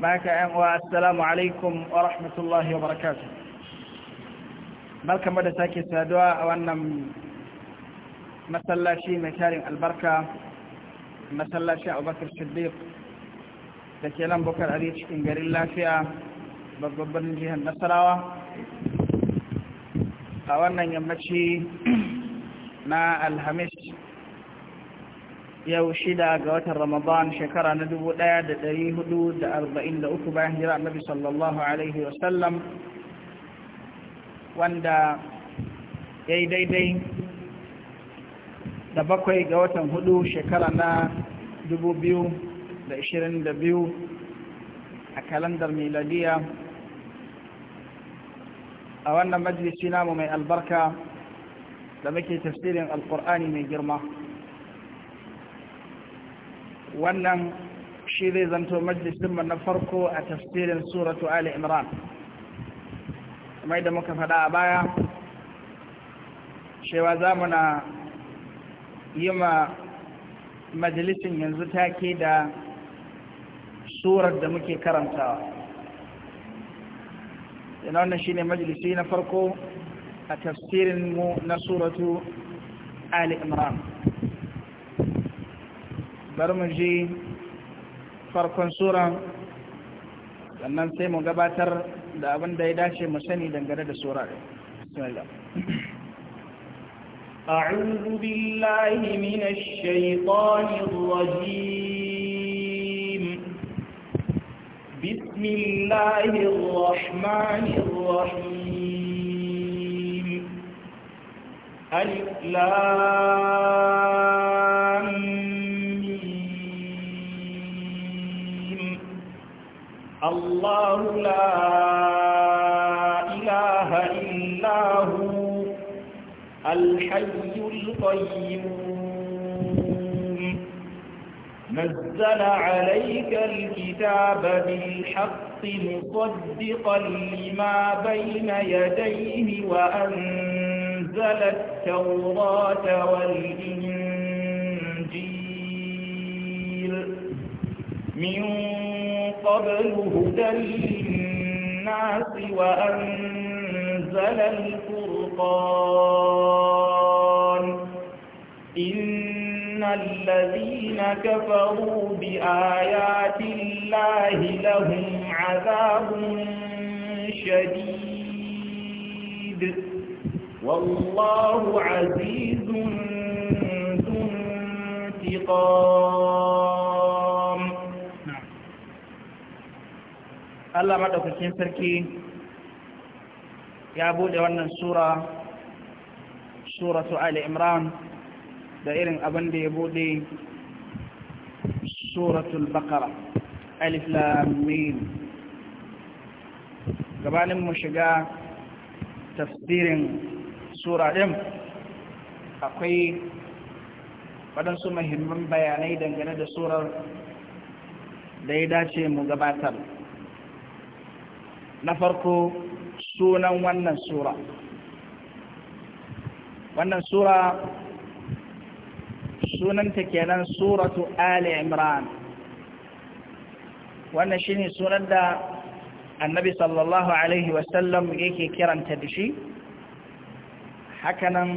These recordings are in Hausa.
baka yan uwa assalamu alaikum wa rahmatullahi wa barakatuh barkamu da sake saduwa a wannan masallaci mai tarin albarka masallaci Abubakar Siddiq da ke nan Bukar Ali cikin garin lafiya babban jihar Nasarawa a wannan yammaci na Alhamis yau shida ga watan ramadan shekara na dubu da da da hudu arba'in uku bayan jira, annabi sallallahu alaihi wasallam wanda ya yi daidai da bakwai ga watan hudu shekara na dubu biyu da da biyu a kalandar miladiya a wannan majalisi namu mai albarka da muke tafsirin alkur'ani mai girma wannan shi zai zanto majalisinmu na farko a tafsirin suratu ali imran kamar da muka faɗa a baya cewa za mu na yi ma majalisin yanzu take da surar da muke karantawa yana wannan shi ne majalisi na farko a tafsirinmu na suratu ali imran bari mu je farkon suran sannan sai mu gabatar da abin da ya dace mu sani dangane da sura ɗin bismillah أعوذ بالله من الشيطان الرجيم بسم الله الرحمن الرحيم الإسلام الله لا إله إلا هو الحي القيوم نزل عليك الكتاب بالحق مصدقا لما بين يديه وأنزل التوراة والإنجيل من قبل هدى للناس وأنزل الفرقان إن الذين كفروا بآيات الله لهم عذاب شديد والله عزيز ذو انتقام Allah maɗaukakin sarki ya buɗe wannan sura suratu Ali Imran da irin abin da ya buɗe suratul Baqara Alif Lam gabanin mu shiga tafsirin sura ɗin akwai waɗansu mahimman bayanai dangane da surar da ya dace mu gabatar. na farko sunan wannan sura wannan sura sunanta kenan suratu ali imran wannan shine sunan da annabi sallallahu alaihi wasallam yake kiranta da shi hakanan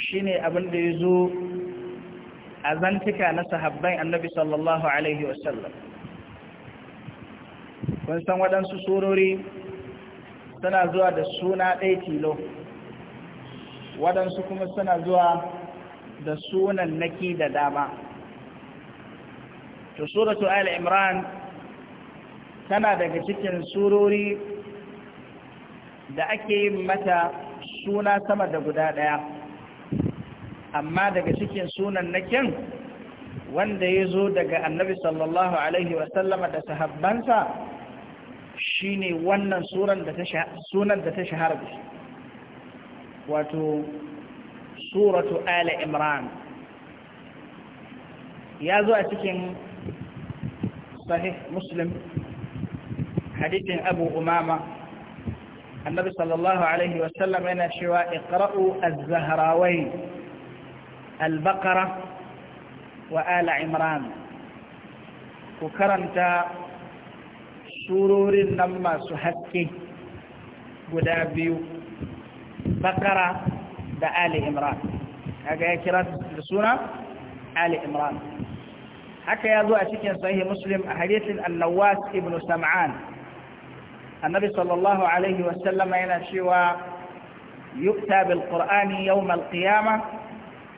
shine abin da a zantika na sahabban annabi sallallahu alaihi wasallam kun san waɗansu surori suna zuwa da suna ɗaya tilo waɗansu kuma suna zuwa da sunan naki da dama to suratu al imran tana daga cikin surori da ake yin mata suna sama da guda ɗaya amma daga cikin sunan nakin wanda ya zo daga annabi sallallahu alaihi wasallama da sahabbansa shine wannan sunan da ta shahara da shi wato suratu ala imran ya zo a cikin sahih muslim hadithin abu umama annabi sallallahu alaihi wasallama yana cewa iqra'u az-zahrawayn al wa ala imran ku karanta surorin nan masu haske guda biyu bakara da ali imran kaga ya kira da suna ali imran haka ya zo a cikin sahih muslim a hadithin annawas ibn sam'an annabi sallallahu alaihi wasallama yana cewa yukta bil qur'ani yawm al qiyamah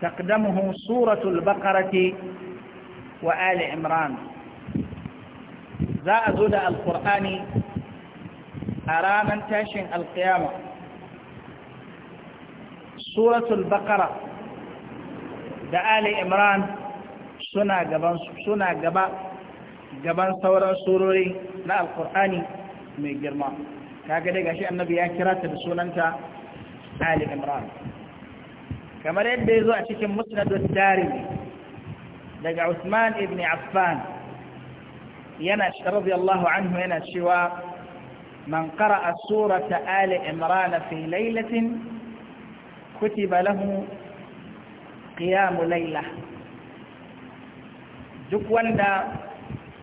تقدمه سورة البقرة وآل عمران ذا أزود القرآن أراما تاشن القيامة سورة البقرة دا آل عمران سنة قبان سنة قبا قبان ثورة سوروري لا القرآن من جرمان كاكده قاشي النبي يا كرات بسنة آل عمران kamar yadda ya zo a cikin musnadun dari daga Usman ibn Affan yana shi anhu yana cewa man a surata ali imran fi laylatin kutiba lahu qiyam duk wanda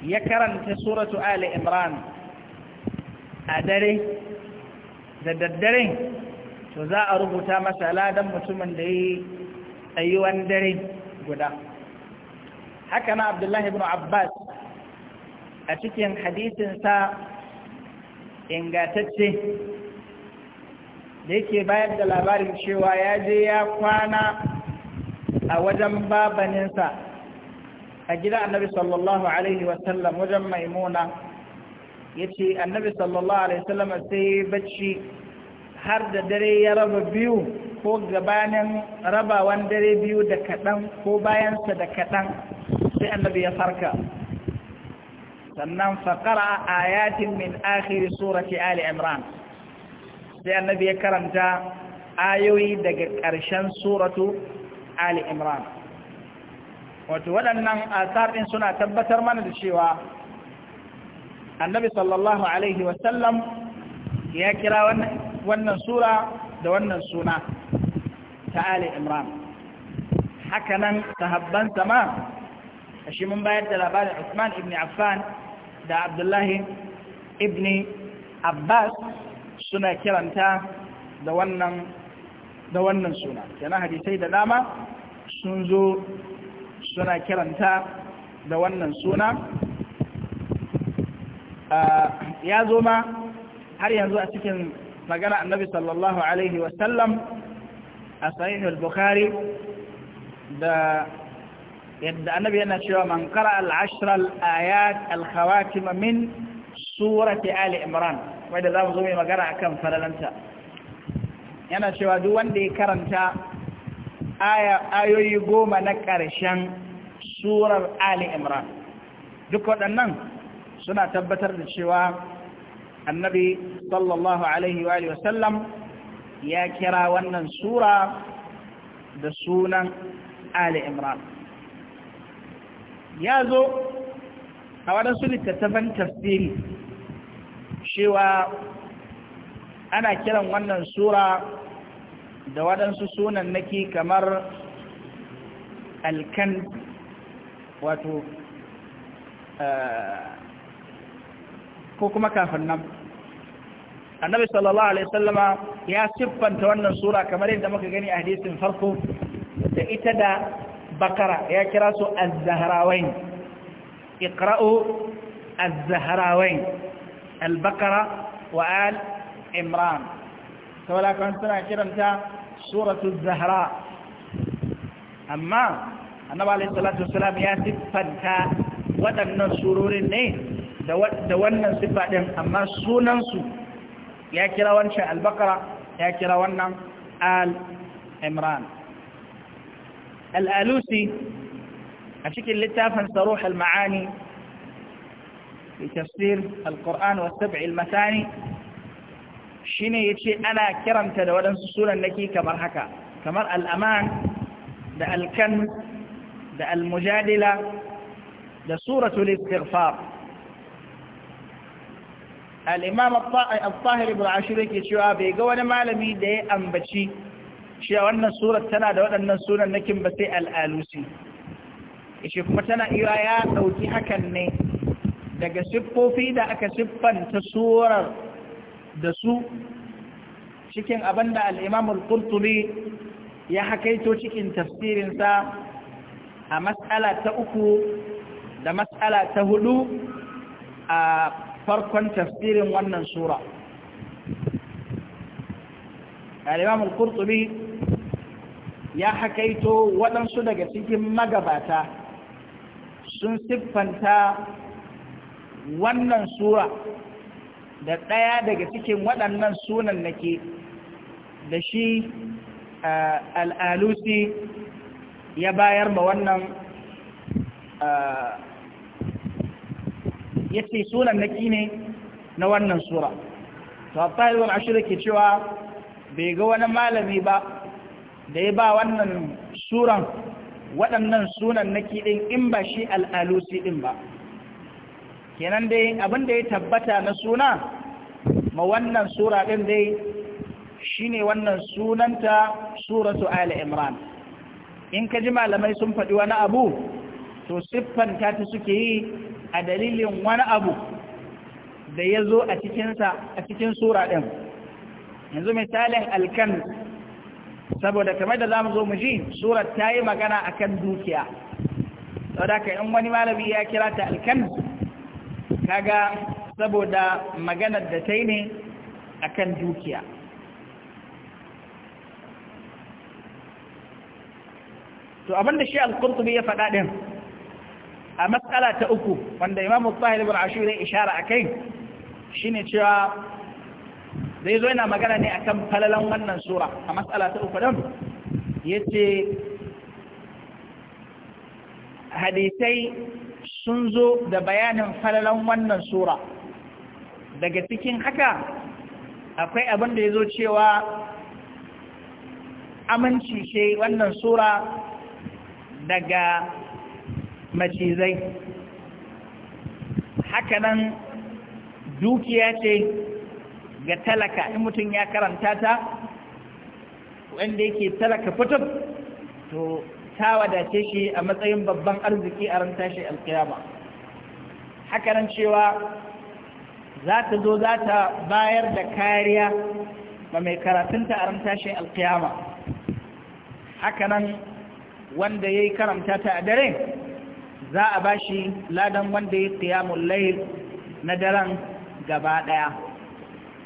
ya karanta suratu ali imran a dare da daddare to za a rubuta masa ladan mutumin da yi tsayuwan dare guda haka na abdullahi ibn abbas a cikin hadisinsa ingatacce da yake bayar da labarin cewa ya je ya kwana a wajen babaninsa a gida annabi sallallahu alaihi wasallam wajen maimuna ya ce annabi sallallahu alaihi wasallam sai bacci har da dare ya raba biyu ko gabanin rabawan dare biyu da kaɗan ko bayansa da kaɗan sai annabi ya farka sannan faƙara ayatin min akhiri surati ali imran sai annabi ya karanta ayoyi daga ƙarshen suratu ali imran wato waɗannan asarin suna tabbatar mana da cewa annabi sallallahu alaihi wasallam ya kira wannan wannan sura da wannan suna ta Ali Imran hakanan sahabban sama shi mun bayar da labarin Usman ibn Affan da Abdullahi ibn Abbas suna kiranta da wannan da wannan suna kenan hadisai da dama sun zo suna kiranta da wannan suna ah, ya zo ma har yanzu a cikin magana annabi sallallahu alaihi wasallam a sahihul bukhari da yadda annabi yana cewa man qara al-ashr al-ayat al-khawatim min surati ali imran wanda zamu zo mai magana akan faralanta yana cewa duk wanda ya karanta aya ayoyi goma na ƙarshen surar ali imran duk waɗannan suna tabbatar da cewa annabi sallallahu alaihi wa sallam ya kira wannan sura da sunan Ali Imran ya zo a waɗansu littattafan tafsiri cewa ana kiran wannan sura da waɗansu sunan nake kamar alkan wato eh, ko kuma kafin nan annabi sallallahu alaihi sallama ya siffanta wannan sura kamar yadda muka gani a hadisin farko da ita da bakara ya kira su az-zahrawain iqra'u az-zahrawain al-baqara wa al imran saboda kan suna kiranta suratu zahra amma annabi alaihi salatu wasallam ya siffanta waɗannan surorin ne da wannan siffa ɗin amma sunansu ya kira wancan albakara ya kira wannan al-imran al-alusi a cikin littafin saruh al-ma'ani fi tafsir al-qur'an wa sab'i al-matani shine yace ana kiranta da wadansu sunan nake kamar haka kamar al-aman da al-kan da al-mujadila da suratul istighfar al'imam al-fahir ibn ashir yake cewa bai ga wani malami da ya ambaci cewa wannan surar tana da waɗannan sunan nakin ba sai al'alusi ishe kuma tana iya ya ɗauki hakan ne daga siffofi da aka siffanta surar da su cikin abin da al'imam al ya hakaito cikin tafsirinsa a matsala ta uku da matsala ta hudu a farkon tafsirin wannan sura al-imam al-qurtubi ya hakaito waɗansu daga cikin magabata sun siffanta wannan sura da ɗaya daga cikin waɗannan sunan nake da shi eh, al'alusi ya bayar ma wannan eh, ya ce sunan naki ne na wannan sura to abtahilun ashirin ke cewa bai ga wani malami ba da ya ba wannan suran waɗannan sunan naki ɗin in ba shi al'alusi ɗin ba kenan dai abinda ya tabbata na suna ma wannan sura ɗin dai shi ne wannan sunanta suratu ala imran in ka ji malamai sun faɗi wani abu to siffanta ta suke yi a dalilin wani abu da ya zo a cikinsa a cikin sura ɗin yanzu misalin alkan saboda kamar da za mu zo mu ji surat ta yi magana a kan dukiya saboda ka in wani malami ya kira ta alkan kaga saboda maganar da ta yi ne a kan dukiya to abinda shi al-qurtubi ya faɗa ɗin a matsala ta uku wanda imamu tsahir ibn ashu ne ishara a shi shine cewa zai zo yana magana ne akan falalan wannan sura a matsala ta uku don, ya ce hadisai sun zo da bayanin falalan wannan sura daga cikin haka akwai abin da ya zo cewa amince wannan sura daga macizai hakanan dukiya ce ga talaka in mutum ya karanta ta wanda yake talaka fito to ta wadace shi a matsayin babban arziki a ran tashi alkiyama hakanan cewa za ta zo za ta bayar da kariya ba mai karatunta a ran tashi alkiyama hakanan wanda ya yi karanta ta a dare za a bashi ladan wanda ya qiyamul layl na daren gaba ɗaya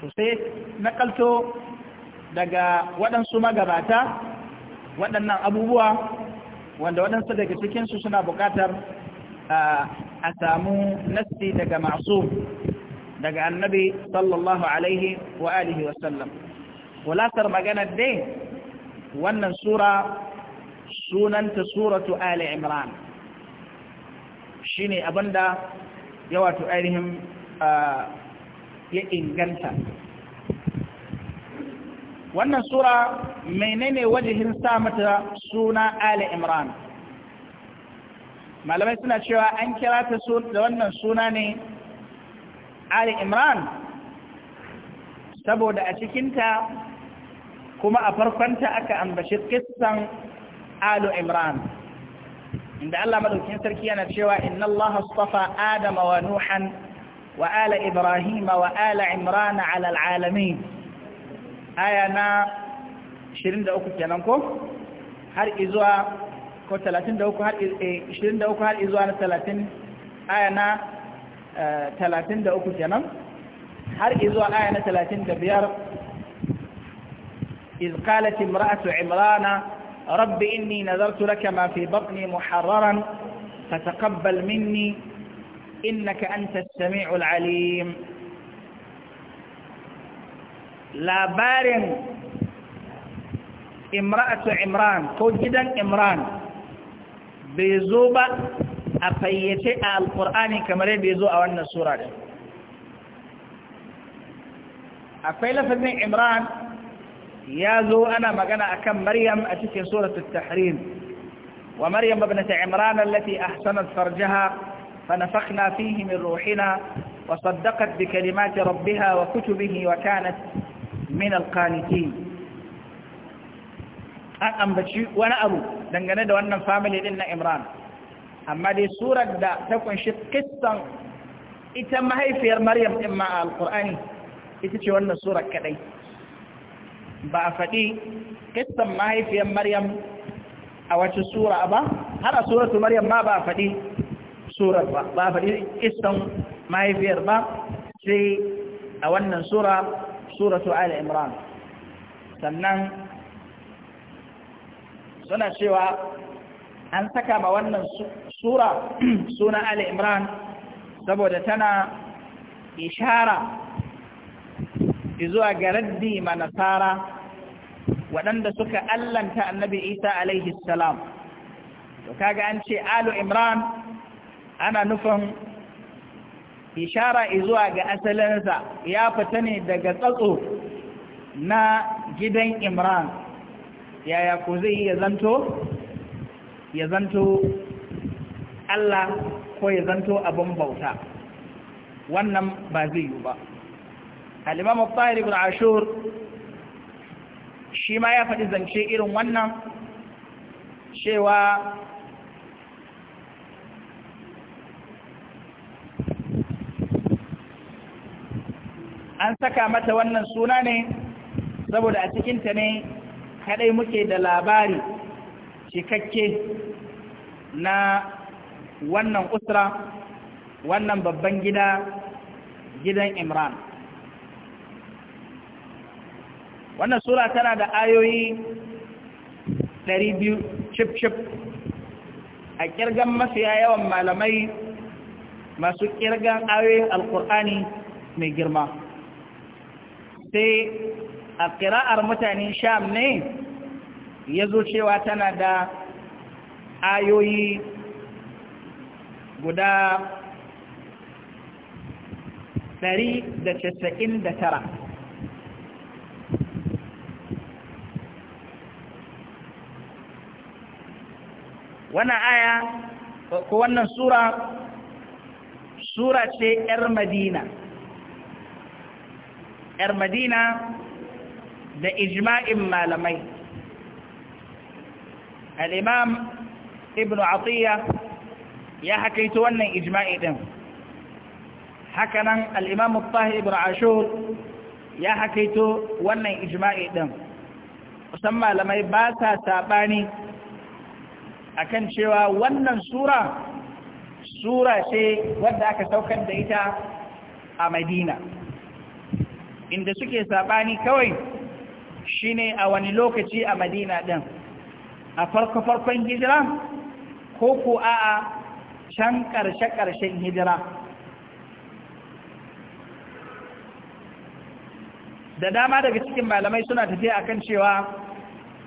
to na ƙalto daga waɗansu magabata waɗannan abubuwa wanda waɗansu daga cikinsu suna buƙatar a samu nasti daga masu daga annabi sallallahu alaihi wa alihi wasallam walatar maganar dai wannan sura sunanta suratu ali imran shine abinda ya wato ainihin ya inganta wannan sura menene wajihin sa mata suna ali imran malamai suna cewa an kira ta da wannan suna ne ali imran saboda a cikinta kuma a farkonta aka ambaci kissan alu imran inda Allah madaukakin sarki yana cewa inna Allah astafa Adama wa Nuhan wa ala Ibrahim wa ala Imran ala alalamin aya na 23 kenan ko har izuwa ko 33 har 23 eh, har izuwa na 30 aya na 33 eh, kenan har izuwa aya na 35 إذ قالت امرأة عمران رب إني نذرت لك ما في بطني محررا فتقبل مني إنك أنت السميع العليم لا بارن امرأة عمران توجد عمران بيزوبة أفيتاء القرآن كما لي بيزوء أولنا السورة أفيلة عمران يازو أنا ما مقنا أكم مريم أتكي سورة التحريم ومريم ابنة عمران التي أحسنت فرجها فنفخنا فيه من روحنا وصدقت بكلمات ربها وكتبه وكانت من القانتين أنا بشيء وأنا أبو لنقنا دو أنم فاملي لنا عمران أما دي سورة دا تكون شيء قصة إتما هي في مريم إما القرآن إتتي وأنم سورة كذلك ba a faɗi kistan mahaifiyar maryam a wace sura ba har a suratu maryam ma ba a faɗi surar ba ba a faɗi kistan mahaifiyar ba sai a wannan sura suratu ala imran sannan suna cewa an saka ma wannan sura suna ala imran saboda tana ishara zuwa ga raddi ma nasara waɗanda suka allanta annabi isa alaihi salam to kaga an ce alu imran ana nufin ishara zuwa ga asalinsa ya fita ne daga tsatso na gidan imran yaya ko zai ya zanto ya zanto Allah ko ya zanto abin bauta wannan ba zai yi ba al-imam al ibn ashur shi ma ya faɗi zance irin wannan cewa an saka mata wannan suna ne saboda a cikinta ne kaɗai muke da labari cikakke na wannan usra wannan babban gida gidan imran wannan sura tana da ayoyi 200 cip cip a kirgan mafiya yawan malamai masu kirgan ayoyin alkur'ani mai girma sai a ƙira'ar mutane sham ne ya zo cewa tana da ayoyi guda da da casa'in tara. wannan aya ko wannan sura sura ce ‘yar madina ‘yar madina da ijma'in malamai al'imam ibn atiyya ya hakaito wannan ijma'i ɗin hakanan al'imam mutahi ibn ashur ya hakaito wannan ijma'i ɗin kusan malamai ba sa saɓani akan cewa wannan sura sura ce wadda aka saukar da ita a madina inda suke saɓani kawai shine a wani lokaci a madina din. a farko-farkon hijira ko ko a can ƙarshe-ƙarshen hijira da dama daga cikin malamai suna tafiya akan cewa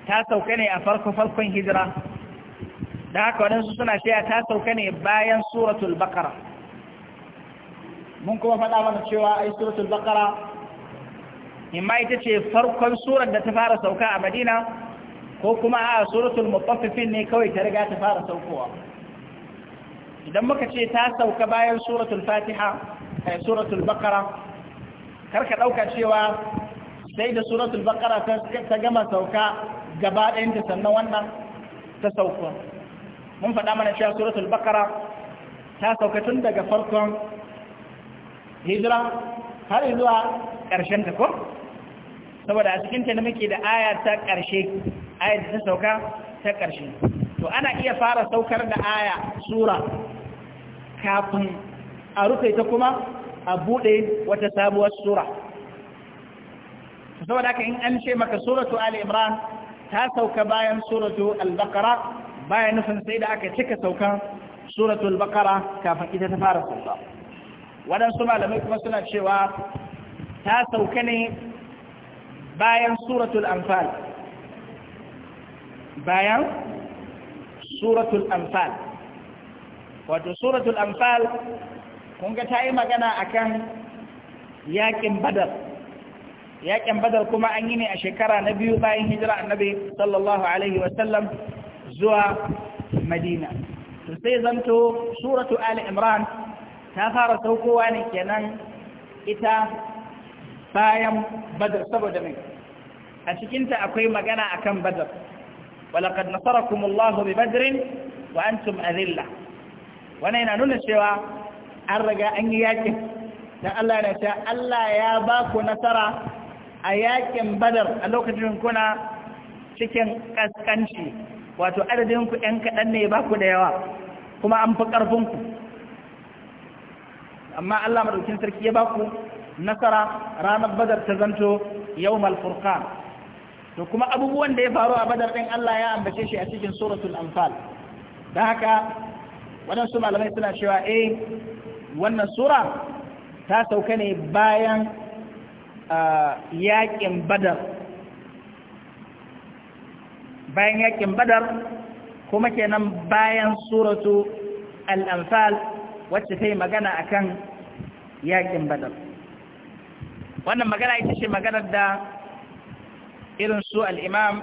ta sauka ne a farko-farkon hijira da haka waɗansu suna cewa ta sauka ne bayan suratul bakara mun kuma faɗa mana cewa ai suratul bakara imma ita ce farkon surar da ta fara sauka a madina ko kuma a suratul mutaffifin ne kawai ta riga ta fara saukowa idan muka ce ta sauka bayan suratul fatiha ai eh, suratul bakara karka ɗauka cewa sai da suratul bakara ta gama sauka gaba ɗayanta sannan wannan ta sauka mun faɗa mana cewa suratul bakara ta sauka tun daga farkon hijira har zuwa ƙarshen ta ko saboda a cikin ta ne muke da aya ta ƙarshe aya da ta sauka ta ƙarshe to ana iya fara saukar da aya sura kafin a rufe ta kuma a buɗe wata sabuwar sura saboda haka in an ce maka suratu ali imran ta sauka bayan suratu al-baqara baya nufin sai da aka cika saukan suratul baqara kafin ita ta fara sauka waɗansu malamai kuma suna cewa ta sauka ne bayan suratul anfal bayan suratul anfal wato suratul anfal kun ga ta yi magana akan yakin badar yakin badar kuma an yi ne a shekara na biyu bayan hijira annabi sallallahu alaihi wasallam zuwa madina to sai zanto suratu ali imran ta fara saukowa ne kenan ita bayan badar saboda mai a cikinta akwai magana akan badar walaƙad nasarakumullahu bi badrin wa antum azilla wannan yana nuna cewa an riga an yi yakin da Allah ya ce Allah ya ba ku nasara a yakin badar a lokacin kuna cikin kaskanci wato adadin ku ɗan kaɗan ne ba ku da yawa kuma an fi ƙarfin ku amma Allah madaukin sarki ya baku nasara ranar badar ta zanto yawmal furqan to kuma abubuwan da ya faru a badar ɗin Allah ya ambace shi a cikin suratul anfal da haka waɗansu malamai suna cewa eh wannan sura ta sauka ne bayan ah, yaƙin badar bayan yakin badar kuma kenan bayan suratu al'amfal wacce ta yi magana a kan yakin badar wannan magana ita ce maganar da irin su al'imam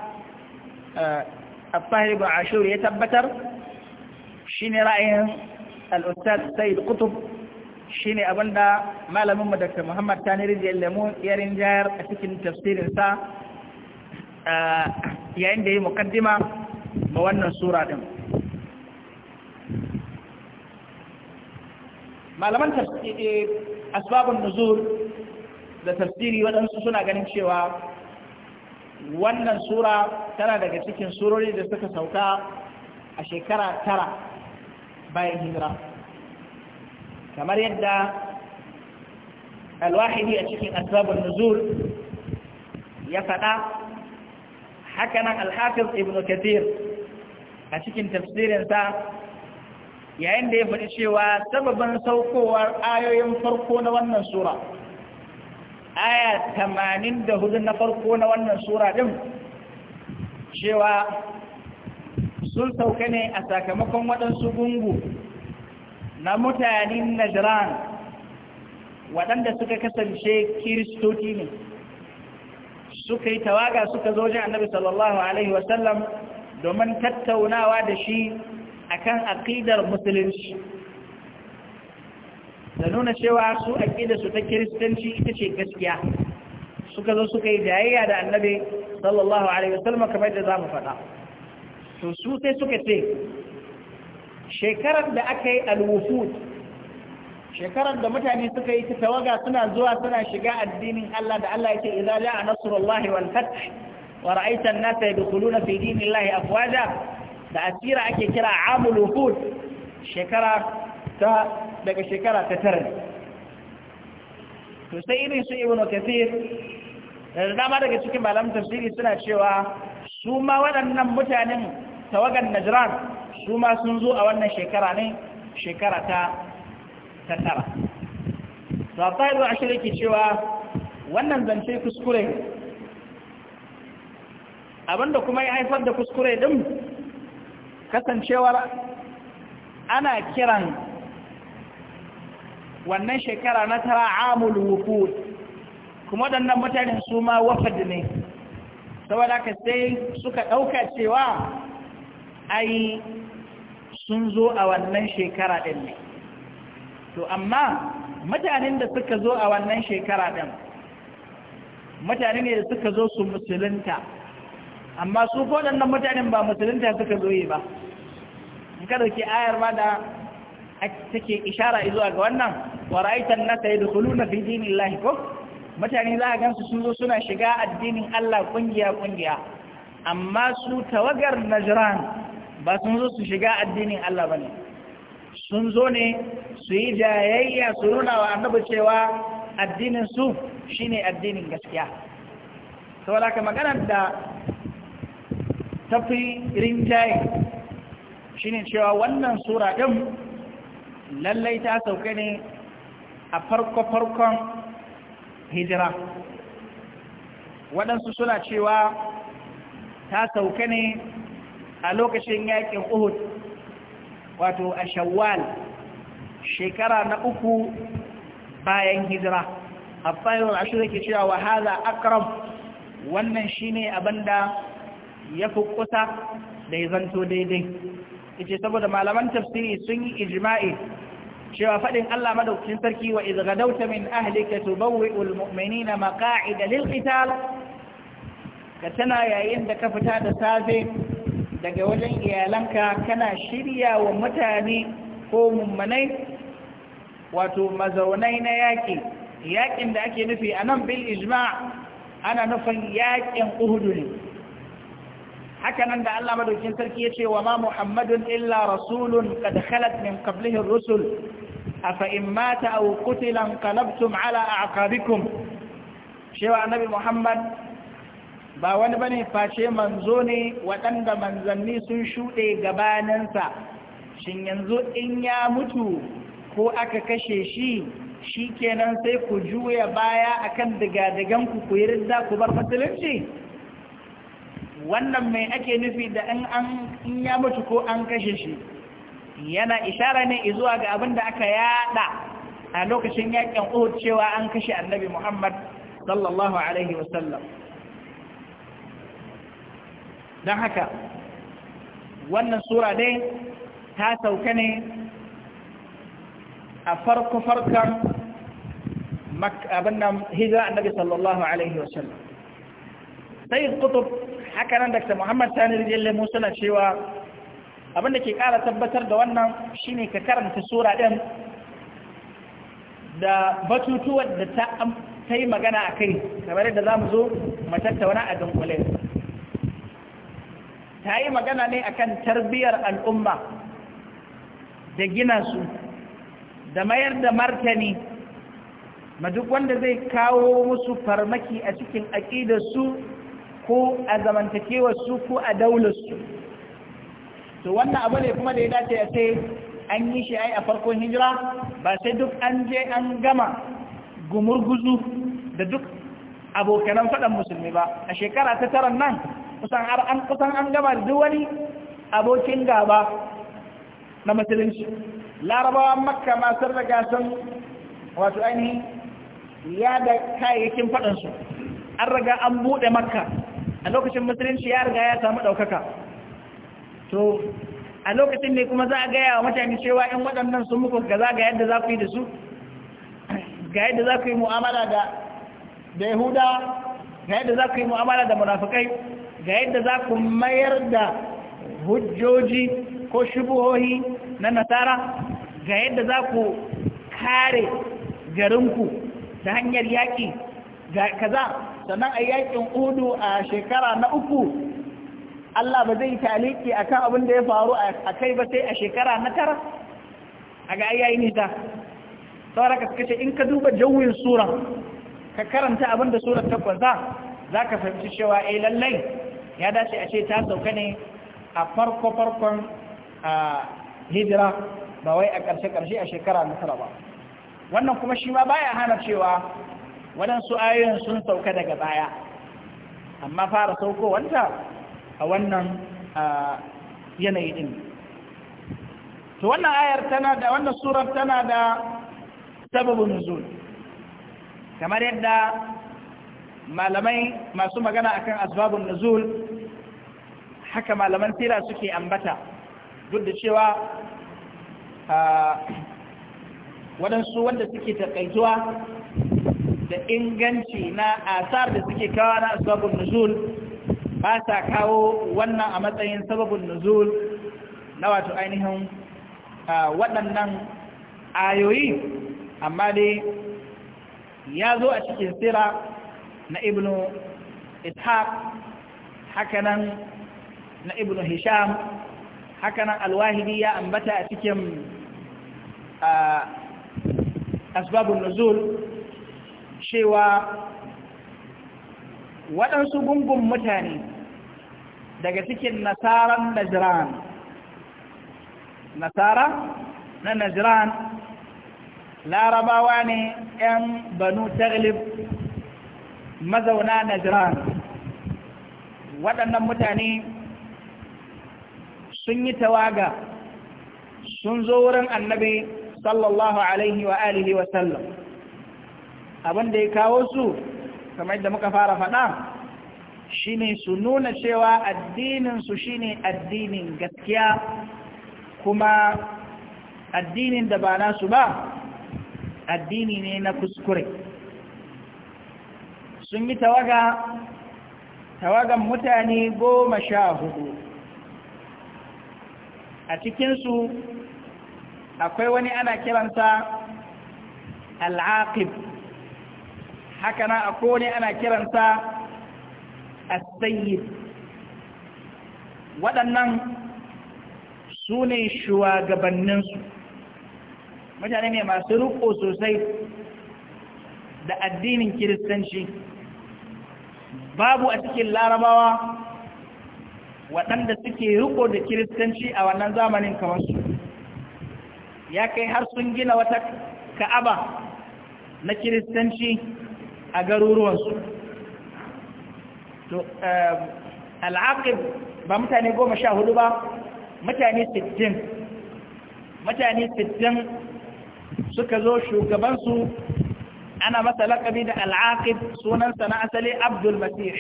eh, a tahir ibn ya tabbatar shi ne ra'ayin al'ustad sayid kutub shi ne abinda malaminmu dr muhammad taniri lemu ya rinjayar a cikin tafsirinsa yayin da yi mukaddima ma wannan sura din malaman eh, asbabun nuzul da tafsiri waɗansu suna ganin cewa wannan sura tana daga cikin surori da suka sauka a shekara tara bayan hijira kamar yadda alwahidi a cikin asbabun nuzur ya faɗa haka nan alhafiz ibn kathir a cikin tafsirinsa yayin da ya faɗi cewa sababin saukowar ayoyin farko na wannan sura aya tamanin da hudu na farko na wannan sura ɗin cewa sun sauka ne a sakamakon waɗansu gungu na mutanen najiran waɗanda suka kasance kiristoci ne suka yi tawaga suka zo wajen annabi sallallahu alaihi wasallam domin tattaunawa da shi akan aƙidar musulunci da nuna cewa su aƙida su ta kiristanci ita ce gaskiya suka zo suka yi jayayya da annabi sallallahu alaihi wasallam kamar da zamu faɗa to su sai suka ce shekarar da aka yi alwufud shekarar da mutane suka yi ta tawaga suna zuwa suna shiga addinin Allah da Allah yake idza jaa nasrullahi wal fath wa ra'aita an-nasa yadkhuluna fi dinillahi afwaja da asira ake kira amul wufud shekara ta daga shekara ta tara to sai irin su ibnu kathir da dama daga cikin malaman tafsiri suna cewa su ma waɗannan mutanen tawagan najran su ma sun zo a wannan shekara ne shekara ta ta tara to abba ibn ashir yake cewa wannan zance kuskure abinda kuma ya haifar da kuskure ɗin, kasancewar ana kiran wannan shekara na tara amul wukud kuma waɗannan mutanen su ma wafad ne saboda ka sai suka ɗauka cewa ai sun zo a wannan shekara ɗin ne to amma mutanen da suka zo a wannan shekara ɗin mutane ne da suka zo su musulunta amma su waɗannan mutanen ba musulunta suka zo yi ba in ka dauki ayar ma da take ishara zuwa ga wannan wa ra'aitan da yadkhuluna fi dinillahi ko mutane za a gansu sun zo suna shiga addinin Allah kungiya kungiya amma su tawagar najran ba sun zo su shiga addinin Allah bane sun zo ne su yi jayayya su nuna wa annabi cewa addinin su shine addinin gaskiya saboda ka magana da tafi rinjaye shine cewa wannan sura ɗin lallai ta sauka ne a farko-farkon hijira waɗansu suna cewa ta sauka ne a lokacin yakin Uhud wato a shawwal shekara na uku bayan hijira abbayon ashirin ke cewa wa haza akram wannan shine abinda ya fi kusa da ya zanto daidai ita saboda malaman tafsiri sun yi ijma'i cewa faɗin Allah madaukakin sarki wa idh gadawta min ahlika tubawwi'ul mu'minina maqa'ida lil qital ka tana yayin da ka fita da safe daga wajen iyalanka kana shirya wa mutane ko mummanai wato mazaunai na yaƙi yaƙin da ake nufi a nan bil ijma ana nufin yaƙin uhudu ne hakanan da Allah madaukin sarki ya ce wa ma muhammadun illa rasulun qad khalat min qablihi rusul a in mata aw qutila qalabtum ala akabikum cewa annabi muhammad ba wani bane face manzo ne waɗanda manzanni sun shuɗe gabaninsa shin yanzu in ya mutu ko aka kashe shi shi kenan sai ku juya baya akan digadiganku ku ku yi ridda ku bar musulunci wannan mai ake nufi da in ya mutu ko an kashe shi yana ishara ne zuwa ga abin da aka yada a lokacin yakin uhud cewa an kashe annabi muhammad sallallahu alaihi wasallam don haka wannan sura dai ta sauka ne a farko-farkon abin nan hijira annabi sallallahu alaihi wasallam sai kutub haka nan dakta muhammad sani rijiyar musu na cewa abin da ke kara tabbatar da wannan shine ka karanta sura din da batutuwan da ta yi magana a kai kamar yadda za mu zo matattauna a dunkule ta yi magana ne a kan tarbiyyar al'umma da gina su da mayar da martani ma duk wanda zai kawo musu farmaki a cikin aƙidarsu ko a zamantakewarsu ko a daularsu to wannan abu ne kuma da ya dace a sai an yi shi ai a farkon hijira ba sai duk an je an gama gumurguzu da duk abokanan faɗan musulmi ba a shekara ta taron nan kusan har an kusan an gama duk wani abokin gaba na musulunci larabawa makka ma sun riga sun wato ainihi ya da kayayyakin faɗansu an riga an buɗe makka a lokacin musulunci ya riga ya samu ɗaukaka to a lokacin ne kuma za a gaya wa mutane cewa in waɗannan sun muku gaza ga yadda za ku yi da su ga yadda za ku yi mu'amala da yahuda ga yadda za ku yi mu'amala da munafukai ga yadda za ku mayar da hujjoji ko shubuhohi na nasara ga yadda za ku kare garinku ta hanyar yaƙi ga kaza sannan a yaƙin udu a shekara na uku Allah ba zai taliki akan abin da ya faru a kai ba sai a shekara na tara a ga ayyayi nisa saura ka in ka duba jawin sura ka karanta abin da surar ta kwanza za ka fahimci cewa eh lallai ya dace a ce ta sauka ne a farko farkon a hijira ba wai a ƙarshe ƙarshe a shekara nasara ba wannan kuma shi ma baya hana cewa waɗansu ayoyin sun sauka daga baya amma fara saukowanta a wannan yanayi ɗin to wannan ayar tana da wannan surar tana da sababin zuwa kamar yadda malamai masu magana akan asbabun nuzul haka malaman tira suke ambata duk da cewa waɗansu wanda suke takaituwa da inganci na asar da suke kawo na asbabun nuzul ba sa kawo wannan a matsayin sababin nuzul na wato ainihin waɗannan ayoyi amma dai ya zo a cikin sira na Ibnu ishaq hakanan na Ibnu hisham hakanan alwahidi ya ambata a cikin asbabun nuzul cewa waɗansu gungun mutane daga cikin nasaran najiran nasara na najiran larabawa ne 'yan banu taglib mazauna najiran waɗannan mutane sun yi tawaga sun zo wurin annabi sallallahu alaihi wa alihi wa sallam abin da ya kawo su kamar da muka fara faɗa shine su nuna cewa addininsu shine addinin gaskiya kuma addinin da ba nasu ba addini ne na kuskure sun yi tawaga tawagan mutane goma sha hudu a cikinsu akwai wani ana kiransa al'aqib haka na akwai wani ana kiransa as waɗannan su ne shugabanninsu mutane ne masu ruko sosai da addinin kiristanci babu a cikin larabawa waɗanda suke riko da kiristanci a wannan zamanin kamar su ya kai har sun gina wata ka'aba na kiristanci a garuruwansu to eh, al'aqib ba mutane goma sha hudu ba mutane sittin mutane sittin suka zo shugabansu ana masa laƙabi da al'aqib sunansa na asali abdul masih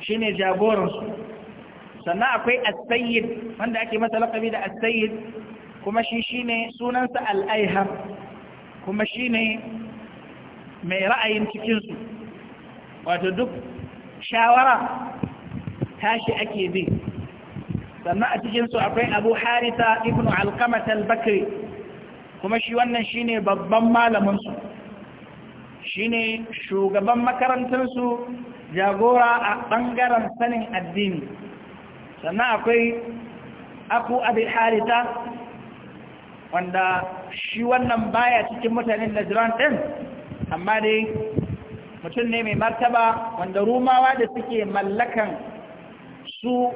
shi ne jagoransu sannan akwai asayid wanda ake masa laƙabi da asayid kuma shi shi ne sunansa al'aihar kuma shi ne mai ra'ayin cikinsu wato duk shawara tashi ake bi sannan a cikinsu akwai abu harita ibn alkamat bakri kuma shi wannan shine babban malaminsu Shi ne shugaban makarantarsu jagora a ɓangaren sanin addini sannan akwai aku abin harita wanda shi wannan baya cikin mutanen najiran ɗin amma dai mutum ne mai martaba wanda rumawa da suke mallakan su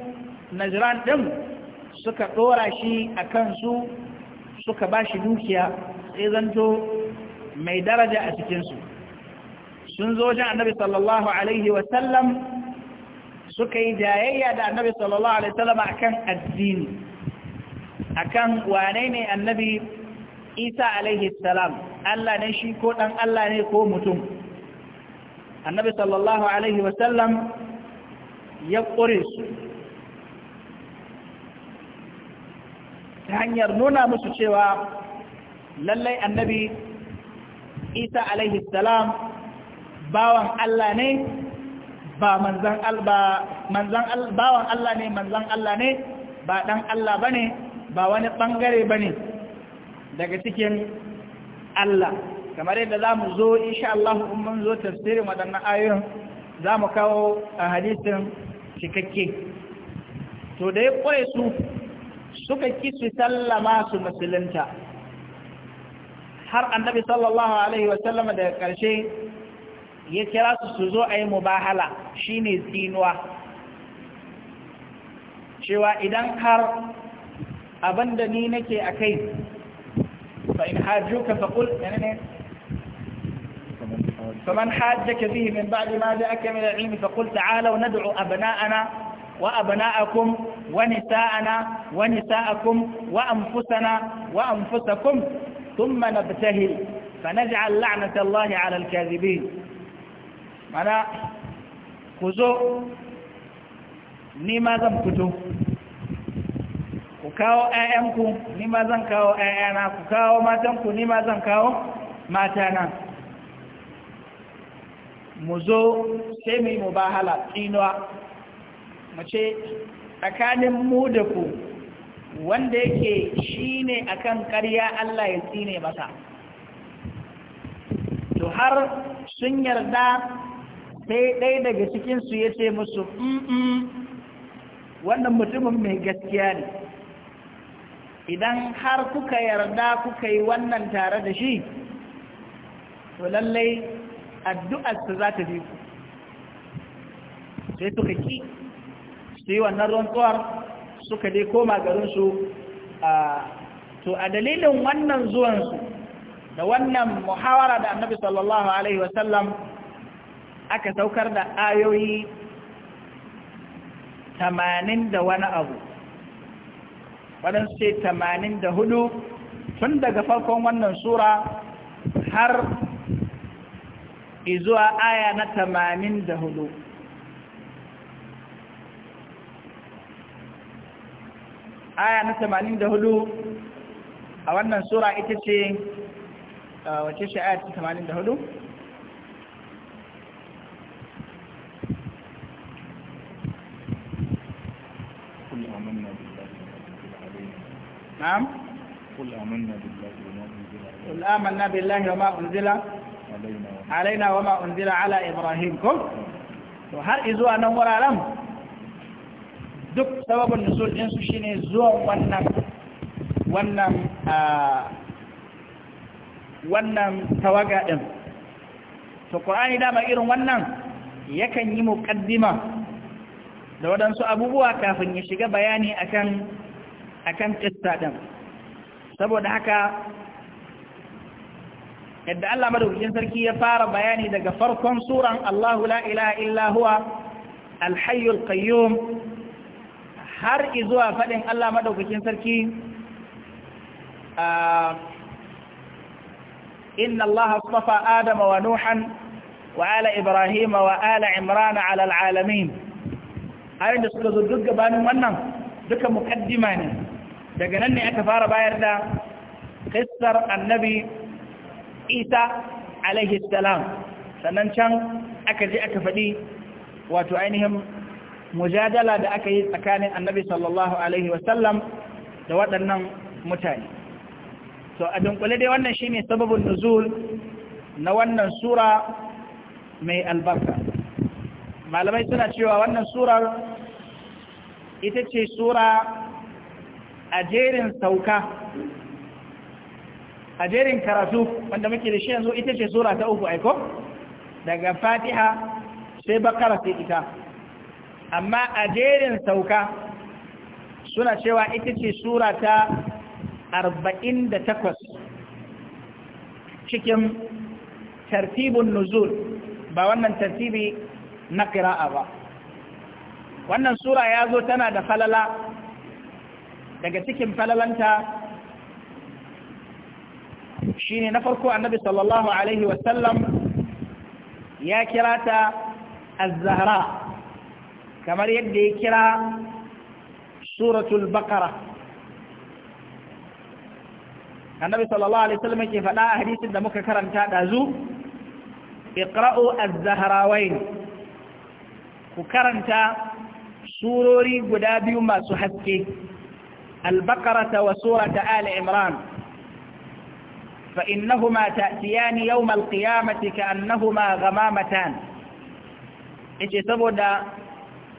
najiran ɗin suka ɗora shi a kansu suka ba shi dukiya sai zanto mai daraja a cikinsu sun zo wajen annabi sallallahu alaihi wasallam suka yi jayayya da annabi sallallahu alaihi wasallam akan addini akan wane ne annabi isa alaihi salam Allah ne shi ko dan Allah ne ko mutum annabi sallallahu alaihi wasallam ya ƙure su ta hanyar nuna musu cewa lallai annabi isa alaihi salam bawan Allah ne ba manzan alba manzan bawan Allah ne manzan Allah ne ba dan Allah bane ba wani bangare bane daga cikin Allah kamar yadda zamu zo insha Allah mun zo tafsirin wadannan ayoyin zamu kawo a hadisin cikakke to da ya su suka ki su sallama su musulunta har annabi sallallahu alaihi wasallama daga karshe. ya kira su su zo a yi mubahala shine tsinuwa cewa idan har abinda ni nake a kai fa in hajjuka fa qul فمن حاجك فيه من بعد ما جاءك من العلم فقل تعالوا ندعو أبناءنا وأبناءكم ونساءنا ونساءكم وأنفسنا وأنفسكم ثم نبتهل فنجعل لعنة الله على الكاذبين mana ku zo ni ma zan fito ku kawo ‘ya'yanku ni ma zan kawo ‘ya'yana ku kawo matanku ni ma zan kawo matana mu zo sai mu yi mu ba hala tsinuwa mu ce tsakanin mu da ku wanda yake shi ne a kan ƙarya Allah ya tsine masa to har sun yarda sai ɗaya daga cikinsu ya ce musu wannan mutumin mai gaskiya ne idan har kuka yarda kuka yi wannan tare da shi to lallai addu'arsa za ta fi ku sai suka ki su yi wannan rantsuwar suka dai koma garinsu a to a dalilin wannan zuwansu da wannan muhawara da annabi sallallahu alaihi wasallam aka saukar da ayoyi tamanin da wani abu waɗansu ce tamanin da hudu tun daga farkon wannan sura har izuwa aya na tamanin da hudu aya na tamanin da hudu a wannan sura ita ce uh, wace shi aya ta tamanin da hudu na'am قل آمنا بالله وما أنزل قل آمنا بالله وما أنزل علينا وما أنزل على إبراهيم كم وهر نمر duk sababin nusul ɗinsu shi ne zuwan wannan tawaga ɗin to ƙorani dama irin wannan yakan yi muƙaddima da waɗansu abubuwa kafin ya shiga bayani akan akan kissa din saboda haka yadda Allah madaukakin sarki ya fara bayani daga farkon suran Allahu la ilaha alhayyul huwa qayyum har izuwa fadin Allah madaukakin sarki inna Allah astafa Adama wa Nuhan wa ala Ibrahim wa ala Imran ala al ayin da suka zo duk gabanin wannan duka muƙaddima ne daga nan ne aka fara bayar da kissar annabi isa alaihi salam sannan can aka ji aka faɗi wato ainihin mujadala da aka yi tsakanin annabi sallallahu alaihi wasallam da waɗannan mutane to a dunkule dai wannan shine sababin nuzul na wannan sura mai albarka malamai suna cewa wannan surar ita ce sura a jerin sauka a jerin karatu wanda muke da shi yanzu ita ce sura ta uku aiko daga fatiha sai bakara sai ita amma a jerin sauka suna cewa ita ce sura ta arba'in da takwas cikin tartibin nuzul ba wannan tartibi na ƙira'a ba wannan sura ya zo tana da falala daga cikin falalanta shine na farko annabi sallallahu alaihi wasallam ya kira ta az-zahra kamar yadda ya kira suratul baqara annabi sallallahu alaihi wasallam ke faɗa a hadisin da muka karanta dazu iqra'u az-zahrawayn ku karanta surori guda biyu masu haske البقرة وسورة آل عمران فإنهما تأتيان يوم القيامة كأنهما غمامتان اجتبوا